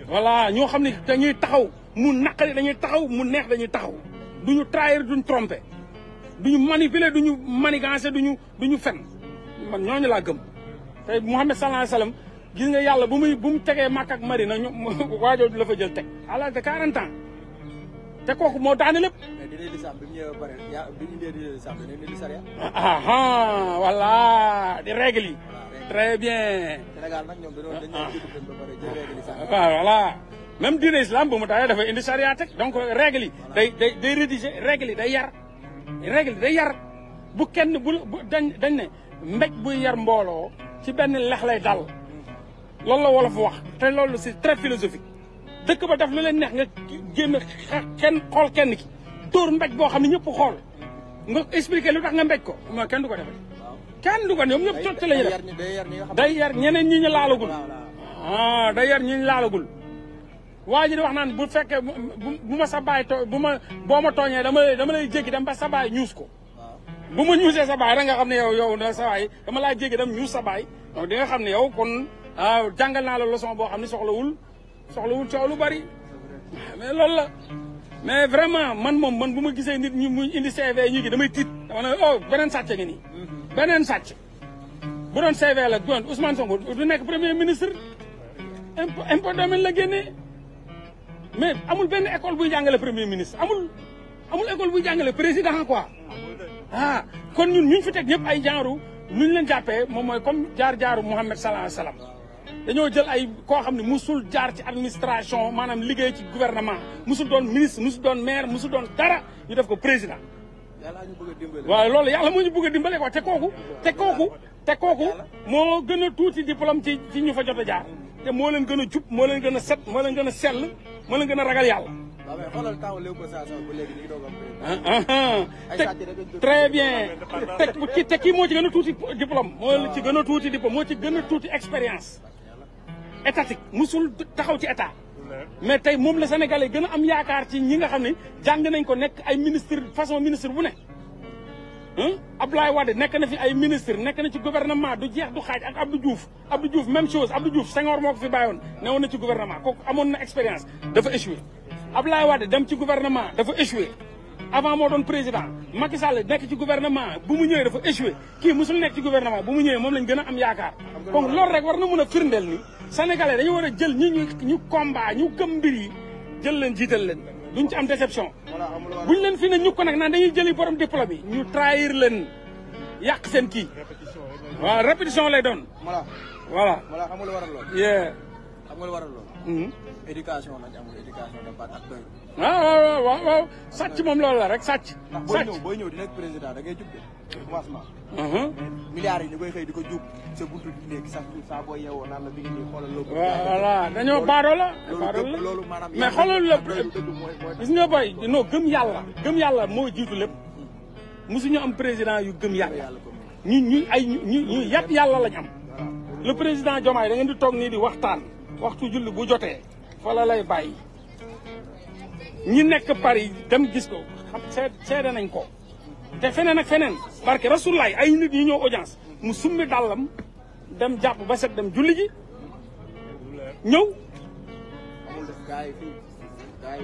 voilà ñoo xam ne dañuy taxaw mu naqari dañuy taxaw mu neex dañuy taxaw du ñu trahir duñu tromper duñu manipuler duñu manigancer duñu duñu fen man ñooñu laa gëm tey Mouhamed sallallahu alayhi wasallam gis nga yàlla bu muy bu mu tegee Makka ak Madina ñu waajooju la fa jël teg à l'âge de te kooku moo daane lépp. mais dinañ li sàmm bi mu ñëwee ba pare yaa bi ñu indee dinañ li sàmm dinañ li sariya. Ah, ah, ah, voilà di règle très bien. Sénégal nag ñoom dañoo dañoo jënd ba pare jël dafa indi sariya teg donc règle yi. day day day day yar. règle yi day yar bu kenn bu dañ dañ ne mbéj buy yar mbooloo ci benn lex lay dal hmm. loolu la wolof wax te loolu si très philosophique. dëkk ba def lu leen neex nga génn kenn xool kenn ki tóor mbéj boo xam ne ñëpp xool nga expliqué lu tax nga mbéj ko ma kenn du ko defee kenn du ko ñoom ñëpp cotte lañu def day yar ñeneen ñi ñu laalagul ah day yar laalagul waa ji di wax naan bu fekkee bu ma sa baay bu ma boo ma tooñee dama lay dama lay jéggi dem ba sa baay ñuus ko bu ma ñuusee sa baay rek nga xam ne yow yow da sa dama laa jéggi dem ñuus sa baay donc di nga xam ne yow kon ah, jàngal naa la leçon boo xam ne soxlawul soxlawul coow lu bari mais loolu la mais vraiment man moom man bu ma gisee nit ñi mu indi CV ñu gi damay tiit dama ne oh beneen sàcc ngi ni mhm. beneen sàcc bu doon CV la doon Ousmane Sonko du nekk premier ministre impôt impôt domaine la génnee mais amul benn école buy jàngale premier ministre amul amul école buy jàngale président quoi ah kon ñun ñu fi teg ñëpp ay genre lu ñu leen jàppee moom mooy comme jaar jaaru Mouhamed salaa salaam dañoo jël ay koo xam ne musul jaar ci administration maanaam liggéey ci gouvernement musul doon ministre musul doon maire musul doon dara ñu def ko président. waaw loolu yàlla moo ñu bëgg a dimbale quoi te kooku te kooku te kooku moo gën a tuuti diplôme ci ci ñu fa jot a jaar te moo leen gën a jub moo leen gën a set moo leen gën a sell moo leen gën a ragal yàlla. te ah, ah, ah. très bien te te kii moo ci gën a tuuti diplôme moo ci gën a tuuti diplôme moo ci gën a tuuti expérience étatique mosul taxaw ci état. mais tey moom la sénégalais gën a am yaakaar ci ñi nga xam ne jàng nañ ko nekk ay ministre façon ministre bu ne. Abdoulaye de nekk na fi ay ministre nekk na ci gouvernement du jeex du xaaj ak Abdou Diouf Abdou Diouf même chose Abdou Diouf Senghor moo ko fi bàyyoon newoon na ci gouvernement kooku amoon na expérience dafa échoué. Abdoulaye Wade dem ci gouvernement dafa échoué. avant moo doon président Macky nekk ci gouvernement bu mu ñëwee dafa échoué kii musul nekk ci gouvernement bu mu ñëwee moom lañ gën a am yaakaar kon loolu rek war na mën a firndeel ni sénégalais dañu war a jël ñi ñu ñu combat ñu gëm mbir yi jël leen jiital leen duñ ci am déception buñ leen fi ne ñu ko nag naan dañuy jëli borom diplôme yi ñu trahir leen yàq seen kii waaw répétition lay doon voilà xam nga lu waral loolu xam nga lu waral loolu hmm. éducation lañ amul éducation de base ak doylu waaw waaw waaw waaw sàcc moom loolu la rek sàcc. sàcc booy ñëw di président da ngay jub de commencement. Uh-huh. milliards yi ñu koy xëy di ko jub sa buntu di nekk sax saa boo yeewoo naan la bi ngi nii xoolal loo. voilà dañoo baadoo la. loolu maanaam mais xoolal la gis nga boy non gëm yàlla. gëm yàlla moo jiitu lépp su ñu am président yu gëm yàlla ñu ñu ay ñu ñu yàpp yàlla lañ am. le président Diomaye da ngeen di toog nii di waxtaan waxtu julli bu jotee fa la lay bàyyi. ñi nekk Paris dem gis ko xam seede nañ ko te feneen ak feneen barke rasulaay ay nit ñi ñëw audience mu summi dàllam dem jàpp ba set dem julli ji ñëw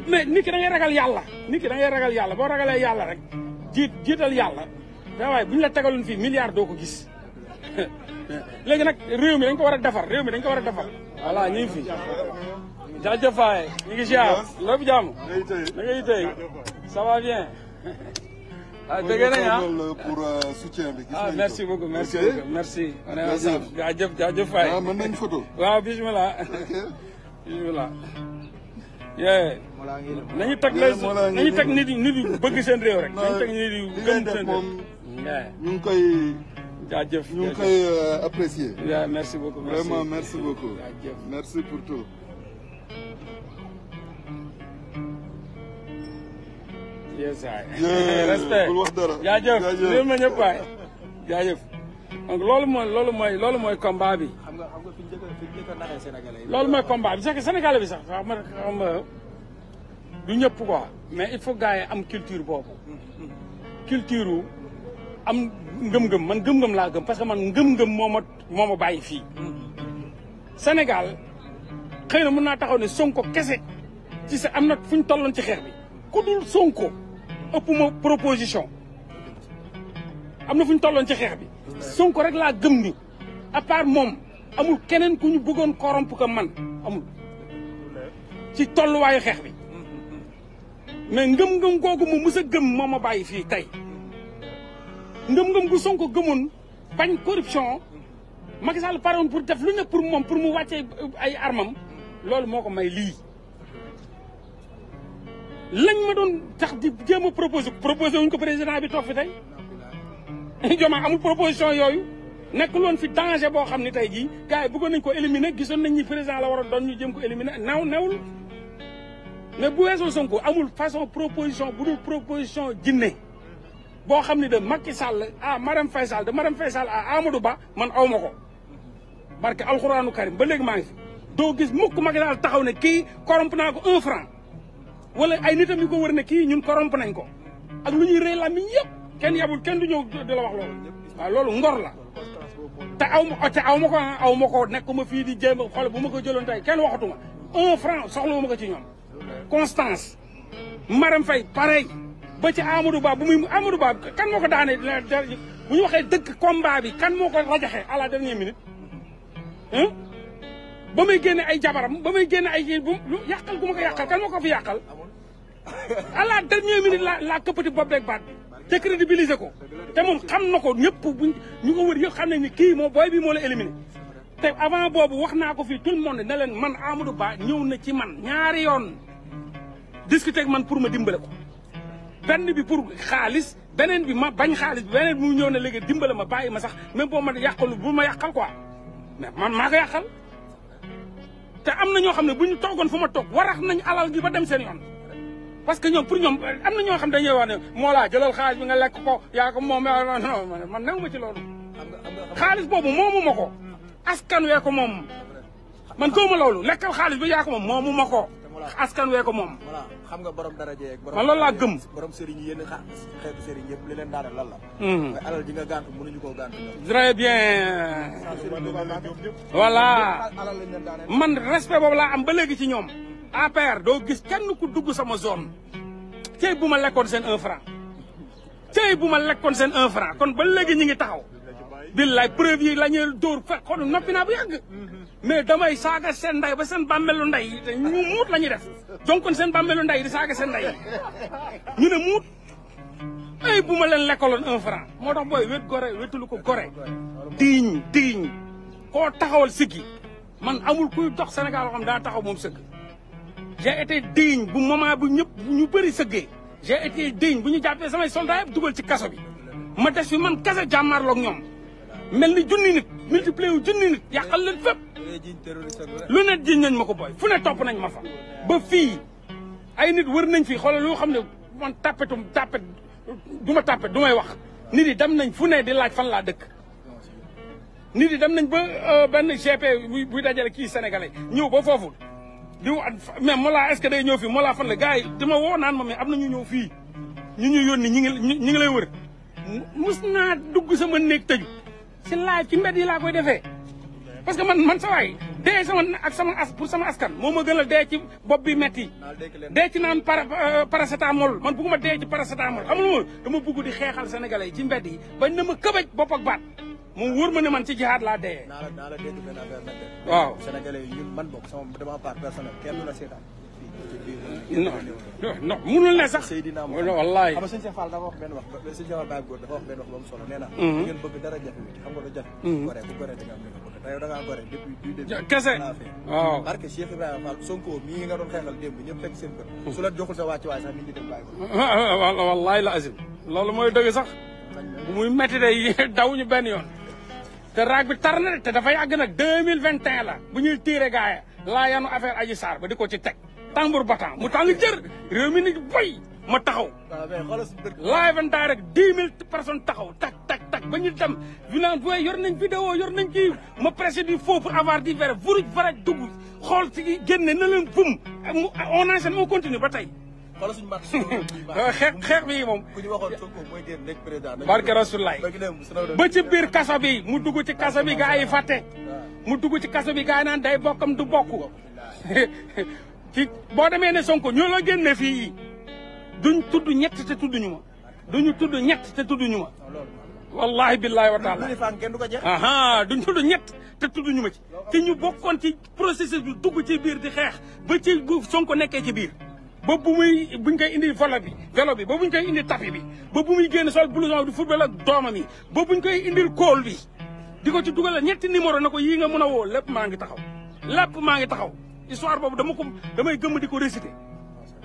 mais nit ki da ragal yàlla nit ki da ngay ragal yàlla boo ragalee yàlla rek jiit jiital yàlla da waaye bu ñu la tegaloon fii milliard doo ko gis léegi nag réew mi dañ ko war a defar réew mi dañ ko war a defar voilà ñu fi jaajëf Faye ñu ngi ziar lépp jàmm da ngay tey ça va bien. ah, ah. Euh, euh, bi. Ah, merci beaucoup merci beaucoup merci. jaajëf jaajëf Faye waaw ah, mën nañ photo. waaw bisimilah. bisimilah. yee nañu tag la nañu tag nit nit yu bëgg seen réew rek nañu tag nit yu gëm seen réew. ñu ngi koy. jaajëf ñu ngi koy euh, apprécier. merci beaucoup merci vraiment merci beaucoup. merci pour yes waay respect wax dara jaajëf loolu mooy loolu bi xam nga a naxee sénégalais mooy combat bi sax xam nga xam nga du ñëpp quoi mais il faut gars yi am culture boobu culture wu am ngëm-ngëm man ngëm-ngëm laa gëm parce que man ngëm-ngëm moo ma moo bàyyi fii Sénégal xëy na mën naa taxaw ne Sonko kese ci sa am na fu tolloon ci xeex bi ku dul Sonko ëpp ma proposition am na fu ñu tolloon ci xeex bi Sonko rek laa gëm ni à part amul keneen ku ñu bëggoon corrompre que man amul ci tolluwaayu xeex bi mais ngëm-ngëm googu mu mës gëm moo ma bàyyi fii tey ngëm-ngëm gu Sonko gëmoon pañ corruption Macky Sall pare pour def lu ne pour moom pour mu wàccee ay armam loolu moo ko may lii lañ ma doon tax di jéem a proposé proposé wuñ ko président bi toog fi tey Diomaye amul proposition yooyu nekk woon fi danger boo xam ne tey jii gars yi nañ ko éliminer gisoon nañ ni président la waroon doon ñu jëm ko éliminer naaw nawul mais bu weesoo Sonko amul façon proposition bu dul proposition jinne boo xam ne de Macky Sall à Marème Faye Sall de Marème Faye Sall à Ba man aw ma ko barke alxuraanu karim ba léegi maa ngi doo gis mukk Macky Sall taxaw ne kii corrompe naa ko wala ay nitam yu ko wër ne kii ñun corrompe nañ ko ak lu ñuy rëy làmmiñ yëpp kenn yabul kenn du ñëw di la wax loolu loolu ngor la te aw ma te aw ma ko aw ma ko nekk ma fii di jéem a xool bu ma ko jëloon tey kenn waxatuma un franc soxla ma ko ci ñoom Constance Marème Faye pareil ba ci Amadou Ba bu muy Amadou Ba kan moo ko daane bu ñu waxee dëkk combat bi kan moo ko rajaxe à la dernière minute ba may génne ay jabaram ba may génne ay bu yàqal gu ma ko yàqal kan moo ko fi yàqal à la dernière minute la la këppati bopp beeg baat bi te crédibiliser ko te moom xam na ko ñëpp buñ ñu ko wër yëpp xam nañ ni kii moo booy bi moo la éliminé te avant boobu wax naa ko fii tout le monde na leen man Amadou Ba ñëw na ci man ñaari yoon discuter man pour ma dimbale ko benn bi pour xaalis beneen bi ma bañ xaalis bi beneen bi mu ñëw ne léegi dimbale ma bàyyi ma sax même boo ma yàqalu bu ma yàqal ko a man maa ko yàqal te am na ñoo xam ne bu ñu toogoon fu ma toog warax nañ alal gi ba dem seen yoon parce que ñoom pour ñoom am na ñoo xam dañuy wax ne moo laa jëlal xaalis bi nga lekk ko yaa ko moom man nangu ma ci loolu xaalis boobu moomu ma ko askan wee ko moom man góoma loolu lekkal xaalis bi yaa moom moomu ma ko askan wee ko moom xam nga borom daraja yeeg borom man loolu laa gëm borom sëriñ yéen xeetu sëriñ yëpp li leen daaneel lan la hmm. mooy alal ji nga gàntu mënuñu koo gàntu très bien voilà man respect boobu laa am ba léegi ci ñoom APR doo gis kenn ku dugg sama zone tey bu ma lekkoon seen un franc bu ma lekkoon seen un kon ba léegi ñu ngi taxaw billaay preuve yi la ñuy dóor fekk xool noppi bu yàgg mais damay saaga seen ndey ba seen bàmmeelu ndey te ñu muut la ñuy def donc seen bàmmeelu ndey di saaga seen ndey ñu ne muut ay bu ma leen lekkooloon un moo tax booy wét gore wétulu ko gore diiñ diiñ koo taxawal siggi man amul kuy dox Sénégal yoo xam daa taxaw moom sëgg j'ai été digne bu moment bu ñëpp ñu bëri sëggee j'ai été digne bu ñu jàppee samay soldats yëpp dugal ci kaso bi ma des fi man kase jàmmaarloog ñoom mel ni junni nit multiplier wu junni nit yàqal leen fépp lu ne jiñ nañ ma ko booy fu ne topp nañ ma fa ba fii ay nit wër nañ fii xoolal loo xam ne man tàppetum tàppet du ma tàppet du may wax nit yi dem nañ fu ne di laaj fan laa dëkk nit yi dem nañ ba euh, benn GP buy dajale kii sénégalais ñëw ba foofu di mais Mollah est-ce que day ñëw fii Mollah fan la gars yi dama woo naan ma mais am na ñu ñëw fii ñu ñu yónni ñi ngi ñi ngi lay wër mus naa dugg sama néeg tëju si laaj ci mbedd yi laa koy defee parce que man man sa waay dee sama ak sama as sama askan moo ma gën a dee ci bopp bi metti dee ci naan para euh, paracétamol man bëgguma dee ci paracétamol xam nga dama bëgg di xeexal sénégalais yi ci mbedd yi bañ na ma këbaj bopp ak baat mu wóor ne man ci jihaad laa dee. la naa la dégg benn affaire nag de. waaw Sénégalais yi ñun man bokk sama dama part personnel kenn du la seetaan. non non ne sax. Seydina Mohamed wallaahi. xam nga dafa wax benn wax ba sëñ Cheikh Fall Baye Góor dafa wax benn wax ba mu solo nee na. Mhm. Mhm. kese waaw. parce que Cheikh Ibrahima Fall mii nga doon xeexal démb ñëpp fekk seen mhm. su la joxul sa wàcc waay sax nit ñi dem bàyyi ko. wallaahi la loolu mooy dëgg sax bu muy métti day daw ñu benn yoon te raag bi tar na te dafay yàgg na deux mille vingt et un la bu ñuy tiire gaaya laa yanu affaire Adji Sarr ba di ko ci teg tambour battant mu tàng jër réew mi ni boy ma taxaw laay vantaa rek dix mille personnes taxaw tak tak tak ba ñu tam ñu naan booy yor nañ vidéo yor nañ kii ma pressé du faux pour avoir du vrai vuruj varaj dugg xool si génne na leen bum on seen on continue ba tey xoolal suñu mbàtt xeex xeex bi moom. ku ñu waxoon Sonko mooy génn nekk président. barke Rasulaay ba ci biir kaso bi mu dugg ci kaso bi gaa yi fàtte. mu dugg ci kaso bi gaa yi naan day bokkam du bokk. ci boo demee ne Sonko ñoo la génne fii duñ tudd ñett te tudduñu ma tudd ñett te tudduñu ma. wallahi billahi wa taala aha duñ tudd ñett te tudd ñu ma ci. te ñu bokkoon ci processus bi dugg ci biir di xeex ba ci Sonko nekkee ci biir. ba bu muy buñ koy indi volo bi vélo bi ba buñ koy indi tapi bi ba bu génn sol blouson di football ak doomam yi ba buñ koy indil kóol bi di ko ci dugalal ñetti numéro na ko yii nga mën a woo lépp maa ngi taxaw lépp maa ngi taxaw histoire boobu dama ko damay gëmm di ko réciter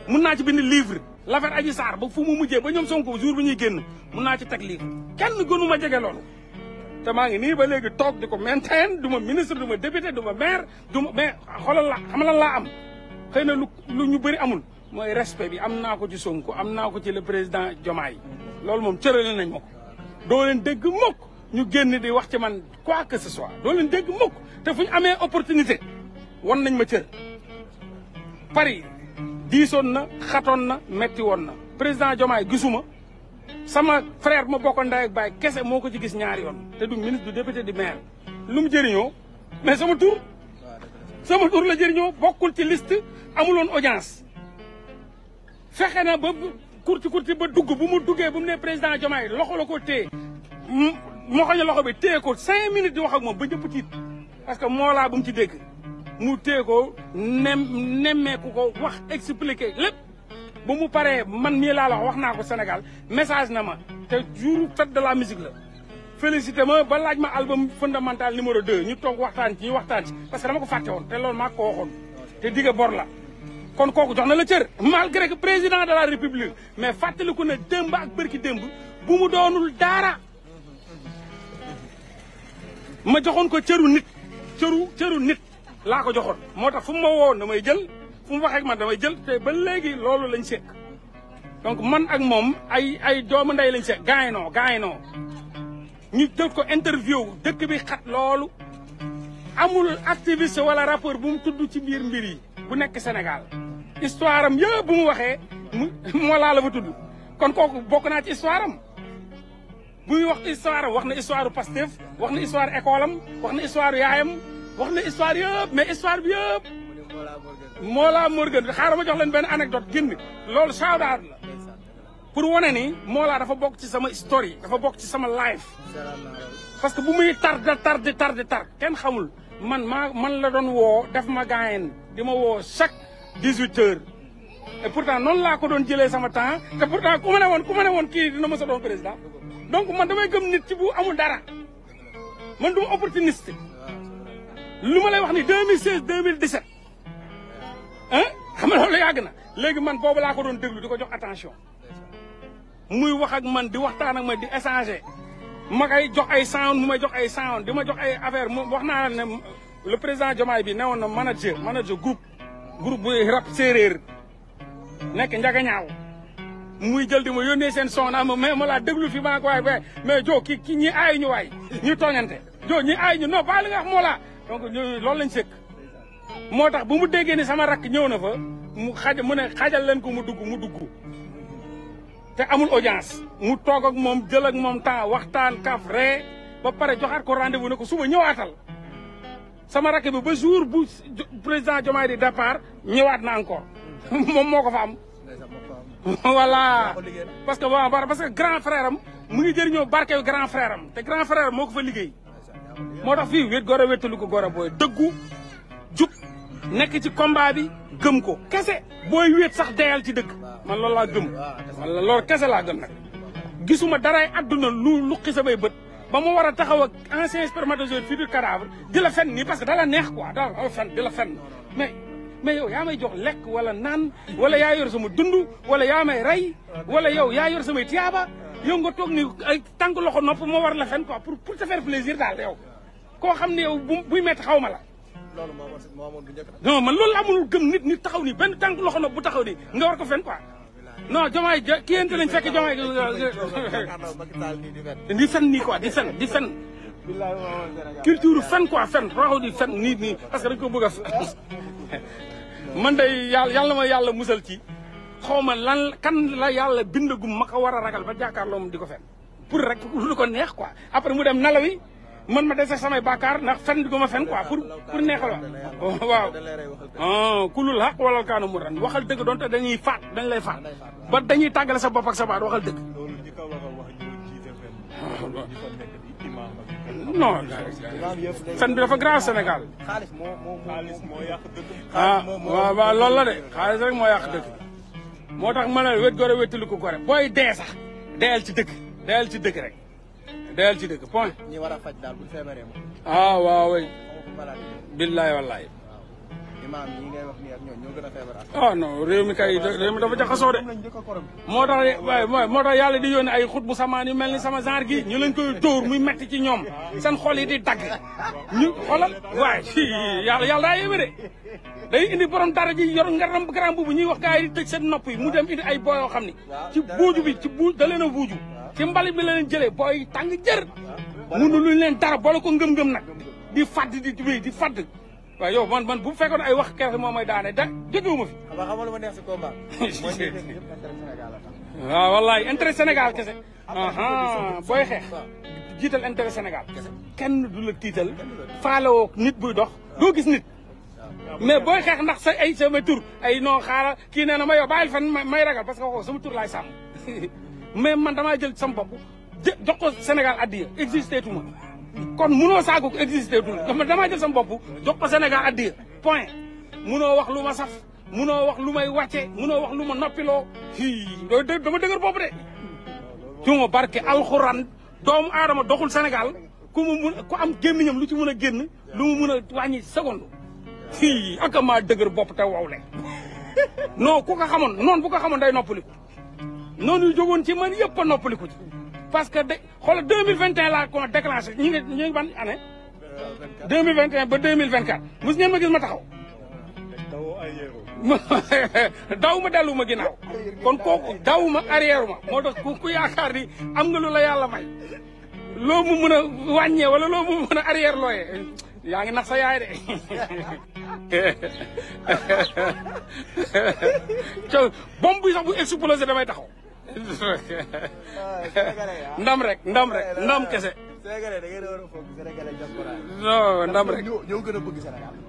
mun naa ci bind livre l'affaire Adji Sarr ba fu mu mujjee ba ñoom Sonko jour bi ñuy génn mun naa ci teg livre kenn gënu ma jege loolu te maa ngi nii ba léegi toog di ko maintain du ma ministre du ma député du ma maire du ma mais xoolal la xamalal laa am xëy na lu lu ñu bëri amul mooy respect bi am naa ko ci sonk am naa ko ci le président jomaay loolu moom cërale nañ ma ko doo leen dégg mukk ñu génn di wax ci man quoi que ce soit doo leen dégg mukk te fu ñu amee opportunité wan nañ ma cër Paris diisoon na xatoon na metti woon na président Diomaye gisuma sama frère ma bokkoon ndey ak baay kese moo ko ci gis ñaari yoon te du ministre du député du maire lu jëriñoo mais sama tur sama tur la jëriñoo bokkul ci liste amuloon audience fexe na ba kurti kurti ba dugg bu mu duggee bu mu ne président Diomaye loxo la ko téye moo xañu loxo bi téye ko cinq minutes di wax ak moom ba ñëpp tiit parce que moo laa bu mu ci dégg mu téye ko nem nemmeeku ko wax expliqué lépp ba mu paree man mii laa la wax naa ko Sénégal message na ma te jour fête de la musique la félicité ma ba laaj ma album fondamental numéro deux ñu toog waxtaan ci ñu waxtaan ci parce que dama ko fàtte woon te loolu maa ko te digga bor la kon kooku jox na la cër malgré que président de la république mais fàttaliku ne démb ak bërki démb bu mu doonul daara ma joxoon ko cëru nit cëru cëru nit laa ko joxoon moo tax fu mu ma woo damay jël fu mu waxee ak man damay jël te ba léegi loolu lañ sekk donc man ak moom ay ay doomu ndey lañ sekk gaañoo gaañoo ñu jël ko interview dëkk bi xat loolu amul activiste wala rapport bu mu tudd ci biir mbir yi bu nekk Sénégal histoire yëpp bu mu waxee mu moo laa la fa tudd kon kooku bokk naa ci histoire am buy wax histoire wax na histoire Pastef wax na histoire école am wax na histoire yaayam wax na histoire yëpp mais histoire bi yëpp Mollah Morgun xaaral ma jox leen benn anecdote génn lool sawdaar la pour wane ni Mollah dafa bokk ci sama story dafa bokk ci sama life parce que bu muy tardé tar tardé tardé kenn xamul man maa man la doon woo def ma gaayen di ma woo chaque dix-huit heures et pourtant noonu laa ko doon jëlee sama temps te pour ku ma ne woon ku ma ne woon kii dina ma sa doon président donc man damay gëm nit ci bu amul dara man du ma opportuniste lu ma lay wax ni 2016 2017 ah xam nga loolu yàgg na léegi man boobu laa ko doon déglu di ko jox attention muy wax ak man di waxtaan ak man di échanger ma koy jox ay saawoon mu may jox ay saawoon di ma jox ay affaire mu wax naa ne le président Diomaye bi newoon na manager manager groupe groupe bu rap séeréer nekk njagañaaw muy jël di ma yónnee seen son naa ma mais ma déglu fi maa ko waay waay mais joo ki ki ñi aay ñu waay ñu tooñante joo ñi ay ñu non ba li nga wax moo lañ sëkk moo tax bu mu déggee ni sama rakk ñëw na fa mu xaj mu ne xajal leen ko mu dugg mu dugg te amul audience mu toog ak moom jël moom temps waxtaan kaf ree ba pare joxaat ko rendez ne ko suba ñëwaatal sama rakk bi ba jour bu président Diomaye di départ ñëwaat na encore moom moo ko fa am voilà parce que waaw parce que grand frère mu ngi jëriñoo barke grand frère am te grand frère moo ko fa liggéey moo tax fii wét goro wéttalu ko goro booy dëggu jub nekk ci combat bi gëm ko kese booy wéet sax deyal ci dëgg man loolu laa gëm man loolu kese laa gëm nag gisuma daraay adduna lu lu xisamay bët ba mu war a taxaw ak ancien spermatozoïde futur cadavre di la fen nii parce que dala neex quoi dala la fen di la fen mais mais yow yaa may jox lekk wala naan wala yaa yor sama dund wala yaa may rey wala yow yaa yor samay tiyaaba yow nga toog ni ay tànk loxo nopp moo war la fen quoi pour pour te faire plaisir daal yow koo xam ne yow bu buy métti xaw ma la non man loolu amul mënul gëm nit nit taxaw nii benn tànk loxo nopp bu taxaw nii nga war ko fen quoi non jomaay kii yéen lañ fekk jomaay di fen nii quoi di fen di fen culture fen quoi fen raxu di fen nii nii parce que dañ ko bëgg a man day yàlla yàlla ma yàlla musal ci xaw ma lan kan la yàlla bindagum ma war a ragal ba jàkkaarloo mu di ko fen pour rek lu ko neex quoi après mu dem nalawi man ma dese samay bàkkaar ndax fen gu ma fen quoi pour pour neexal wa waaw ah, kulul xaq walal kaanu mu ran waxal dëgg doonte dañuy faat dañ lay faat ba dañuy tàggale sa bopp ak sa baat waxal dëgg non fen bi dafa grand Sénégal ah waaw waaw loolu la de xaalis rek moo yàq dëgg moo tax ma ne wet gore wettilu ko gore booy dee sax deyal ci dëgg deyal ci dëgg rek dayal ci dëgg point. ñi war a daal bu feebaree moom. ah waaw waay. billaay wallaay. imaam yi wax nii ak ñoom ñoo gën a feebar. ah non réew mi kay réew mi dafa jaxasoo de. moo tax waaye moo tax yàlla di yónni ay xut bu samaan yu mel ni sama genre gi ñu leen koy dóor muy metti ci ñoom seen xol yi di dagg ñu xolal waaye yàlla yàlla daa yéeme de day indi borom dara ji yor ngaram grand bu ñuy wax gars yi di tëj seen nopp yi mu dem indi ay booyoo xam ni ci buuju bi ci buuj da leen a buuju ci mbalit bi la leen jëlee booy tàng jër munu luñ leen dara boole ko ngëm-ngëm nag di fadd di wéy di fadd man bu fekkoon ay wax keroog moo may daane da jógewuma fi. xam ah, nga xamal ma neex si waaw ah, wallaay intérêt Sénégal kese. Ah, booy xeex jiital intérêt Sénégal. kenn du la tiital faalewoo nit buy dox doo gis nit. mais booy xeex ndax sa ay sama tur ay noo xaaral kii nee na ma yow bàyyil fan may ragal parce que sama tur laay sàmm. mais man damaa jël sama bopp jox ko Sénégal addiya existé tu kon munoo saago ko existé tu ma damaa jël sama bopp jox ko Sénégal addiya point munoo wax lu ma saf munoo wax lu may wàcce munoo wax lu ma noppiloo fii dama dëgër boobu de tuma barke alxuraan doomu aadama doxul Sénégal ku mu mun ku am gémmiñam lu ci mun a génn lu mu mun a wàññi seconde fii ak maa dëgër bopp te wow le non ku ko xamoon noonu bu ko xamoon day noppaliku noonu yu ci man yëpp a noppaliku ci parce que de xoolal deux mille vingt et laa ko déclenché ñu ngi ñu ngi ban année. deux mille vingt et ba deux mille vingt quatre mos ngeen ma gis ma taxaw. daw ma dellu ma ginnaaw kon kooku daw ma arrière ma moo tax ku yaakaar ni am nga lu yàlla may loo mu mën a wàññee wala loo mu mën a arrière looyee yaa ngi nax sa yaay de bomb bi sax bu explosé damay taxaw ndam rek ndam rek ndam kese. Sénégalais da gën a bëgg